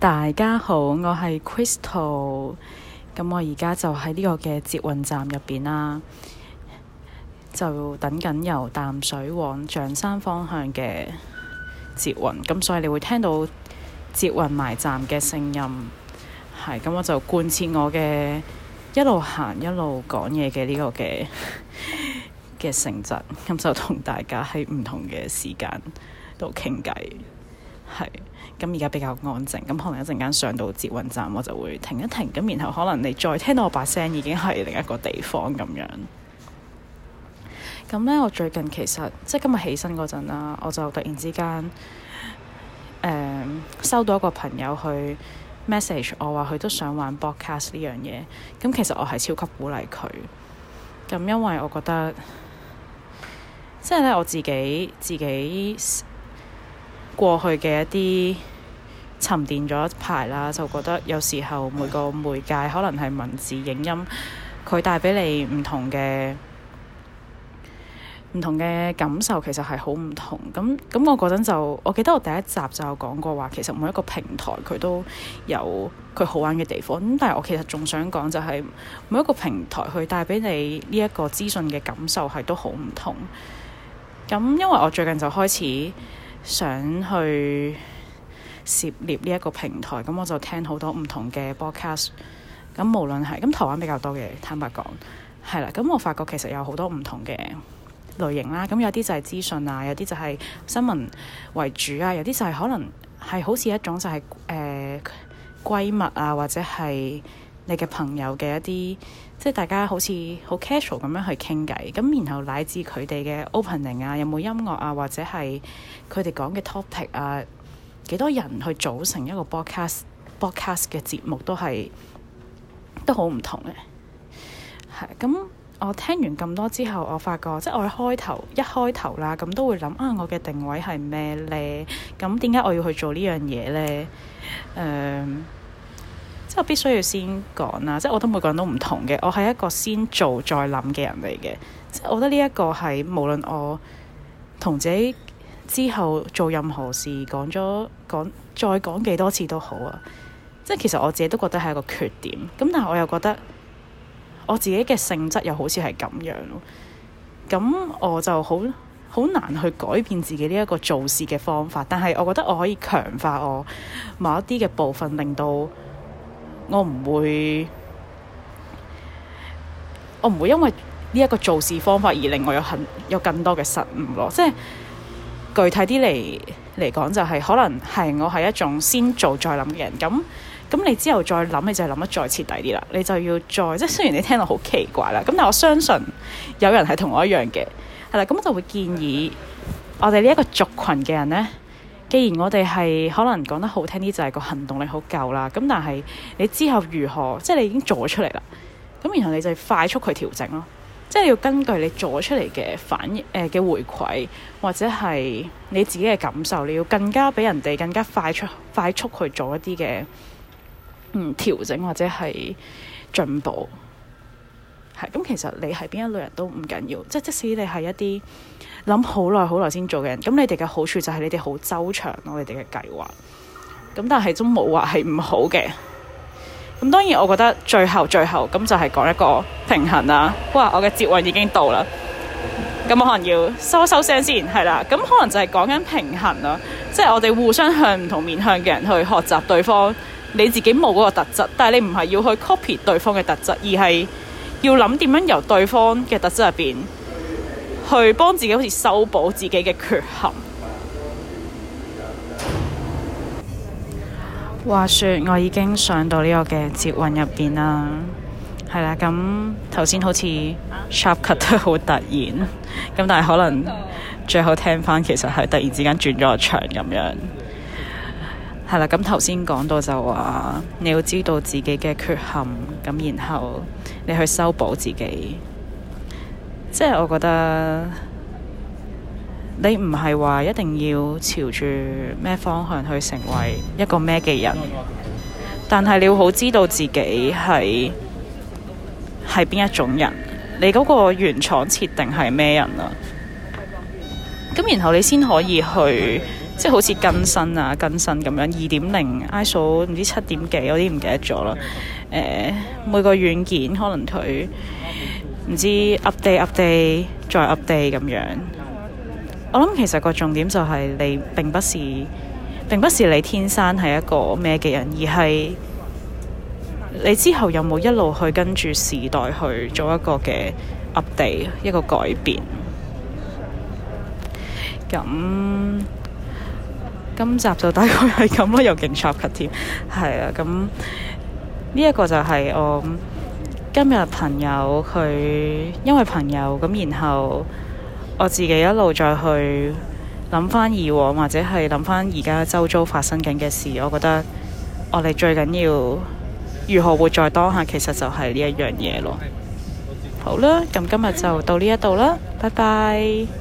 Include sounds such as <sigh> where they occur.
大家好，我係 Crystal，咁我而家就喺呢個嘅捷運站入邊啦，就等緊由淡水往象山方向嘅捷運，咁所以你會聽到捷運埋站嘅聲音，係，咁我就貫徹我嘅一路行一路講嘢嘅呢個嘅嘅性質，咁 <laughs> 就同大家喺唔同嘅時間度傾偈。係，咁而家比較安靜，咁可能一陣間上到捷運站我就會停一停，咁然後可能你再聽到我把聲已經係另一個地方咁樣。咁呢、 <music> 嗯，我最近其實即係今日起身嗰陣啦，我就突然之間、嗯、收到一個朋友去 message，我話佢都想玩 broadcast 呢樣嘢，咁、嗯、其實我係超級鼓勵佢，咁、嗯、因為我覺得即係呢，我自己自己。過去嘅一啲沉澱咗一排啦，就覺得有時候每個媒介可能係文字、影音，佢帶俾你唔同嘅唔同嘅感受，其實係好唔同。咁咁，咁我嗰陣就我記得我第一集就講過話，其實每一個平台佢都有佢好玩嘅地方。咁但係我其實仲想講就係每一個平台去帶俾你呢一個資訊嘅感受係都好唔同。咁因為我最近就開始。想去涉獵呢一個平台，咁我就聽好多唔同嘅 podcast。咁無論係，咁台灣比較多嘅，坦白講，係啦。咁我發覺其實有好多唔同嘅類型啦。咁有啲就係資訊啊，有啲就係新聞為主啊，有啲就係可能係好似一種就係、是、誒、呃、閨蜜啊，或者係。你嘅朋友嘅一啲，即係大家好似好 casual 咁樣去傾偈，咁然後乃至佢哋嘅 opening 啊，有冇音樂啊，或者係佢哋講嘅 topic 啊，幾多人去組成一個 broadcast broadcast 嘅節目都，都係都好唔同嘅。係咁，我聽完咁多之後，我發覺即係我開頭一開頭啦，咁都會諗啊，我嘅定位係咩咧？咁點解我要去做呢樣嘢咧？誒、um,。即係必須要先講啦，即係我覺得每個人都唔同嘅。我係一個先做再諗嘅人嚟嘅，即係我覺得呢一個係無論我同自己之後做任何事，講咗講再講幾多次都好啊。即係其實我自己都覺得係一個缺點，咁但係我又覺得我自己嘅性質又好似係咁樣咯。咁我就好好難去改變自己呢一個做事嘅方法，但係我覺得我可以強化我某一啲嘅部分，令到，我唔會，我唔會因為呢一個做事方法而令我有很有更多嘅失誤咯。即係具體啲嚟嚟講就係，可能係我係一種先做再諗嘅人。咁咁你之後再諗，你就諗得再徹底啲啦。你就要再即係，雖然你聽到好奇怪啦，咁但我相信有人係同我一樣嘅。係啦，咁我就會建議我哋呢一個族群嘅人呢。既然我哋係可能講得好聽啲，就係、是、個行動力好夠啦。咁但係你之後如何，即係你已經做出嚟啦。咁然後你就快速去調整咯，即係要根據你做出嚟嘅反應誒嘅、呃、回饋，或者係你自己嘅感受，你要更加俾人哋更加快速快速去做一啲嘅嗯調整，或者係進步。咁，其實你係邊一類人都唔緊要，即係即使你係一啲諗好耐好耐先做嘅人，咁你哋嘅好處就係你哋好周長咯。你哋嘅計劃咁，但係都冇話係唔好嘅。咁當然，我覺得最後最後咁就係講一個平衡啦。哇，我嘅捷運已經到啦，咁我可能要收一收聲先係啦。咁可能就係講緊平衡啦，即係我哋互相向唔同面向嘅人去學習對方。你自己冇嗰個特質，但係你唔係要去 copy 對方嘅特質，而係。要諗點樣由對方嘅特質入邊，去幫自己好似修補自己嘅缺陷。話説我已經上到呢個嘅捷運入邊啦，係啦，咁頭先好似 sharp cut 都好突然，咁但係可能最後聽翻其實係突然之間轉咗場咁樣。係啦，咁頭先講到就話你要知道自己嘅缺陷，咁然後你去修補自己。即係我覺得你唔係話一定要朝住咩方向去成為一個咩嘅人，但係你要好知道自己係係邊一種人，你嗰個原廠設定係咩人啦，啊。咁然後你先可以去。即係好似更新啊，更新咁樣二點零 iOS 唔知七點幾，有啲唔記得咗啦。誒、呃，每個軟件可能佢唔知 update update 再 update 咁樣。我諗其實個重點就係你並不是並不是你天生係一個咩嘅人，而係你之後有冇一路去跟住時代去做一個嘅 update 一個改變咁。今集就大概係咁咯，又勁插 o 添，係 <laughs> 啊，咁呢一個就係我今日朋友佢，因為朋友咁，然後我自己一路再去諗翻以往，或者係諗翻而家周遭發生緊嘅事，我覺得我哋最緊要如何活在當下，其實就係呢一樣嘢咯。好啦，咁今日就到呢一度啦，拜拜。